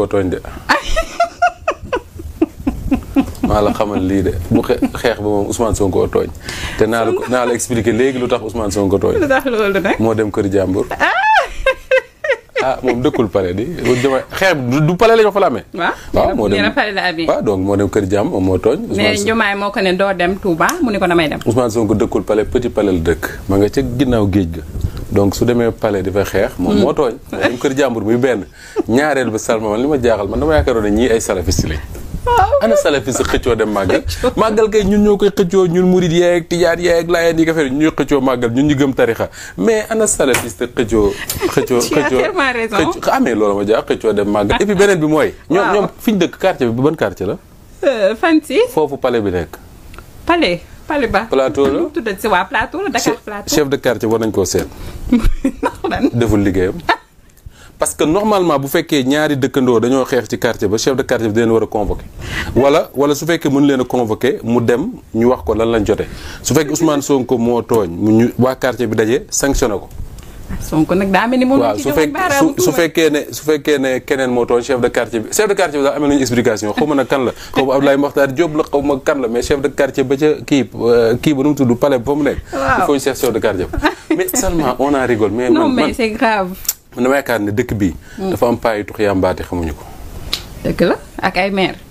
ko tooñ de maa la xamal lii de bu xeex ba moom Ousmane Sonko tooñ te naa la naa la expliqué léegi lu tax Ousmane Sonko tooñ moo dem kër jàmbur ah, ah moom dëkkul pare di jëma xeex du pare la ñu fa la amee. waaw moo dem pare la amee. waaw donc moo dem kër jàmm moo tooñ. Ousmane mais ko dëkkul pare petit pare la dëkk ma nga ca ginnaaw géej ga. donc su demee palais di fa xeex. moom moo mm. tooñ. moo dem kër jàmbur muy benn ñaareel ba Salma man li ma jaaxal man dama yaakaaroon ne ñii ay salafiste lañ. ana salafiste xëccoo dem màggal. màggal kay ñun ñoo koy xëccoo ñun murid yeeg tijaar yeeg laayeen yi nga fay ñuy xëccoo màggal ñun ñu gëm tarixa mais ana salafiste xëccoo. xëccoo xëccoo xëccoo amee ah, loolu ma jaax xëccoo dem màggal. et puis beneen bi mooy. ñoom ñoom fi ñu dëkk quartier bi ban quartier la. Euh, Fancy. foofu palais bi nekk. plateau plateau chef de quartier war nañ ko deful parce que normalement vous faites ñaari nous daño xeex ci quartier ba chef de quartier vous wara convoquer. wala wala su nous mën leen convoquer mu dem ñu wax Ousmane Sonko mo togn mu wa quartier bi Sonko nag daa mel ni moom ci su fekkee ne su fekkee ne keneen moo toon chef de quartier bi chef de quartier bi daal amee nañu explication xaw ma nag kan la xaw ma Abdoulaye la ma kan de quartier ba ca kii euh, kii ba nu tudd palais ba mu nekk il faut ñu de quartier mais on en mais non mais c'est ne dëkk bi hmm. dafa am paayi tux yambaate xamuñu ko dëkk la ak ay maire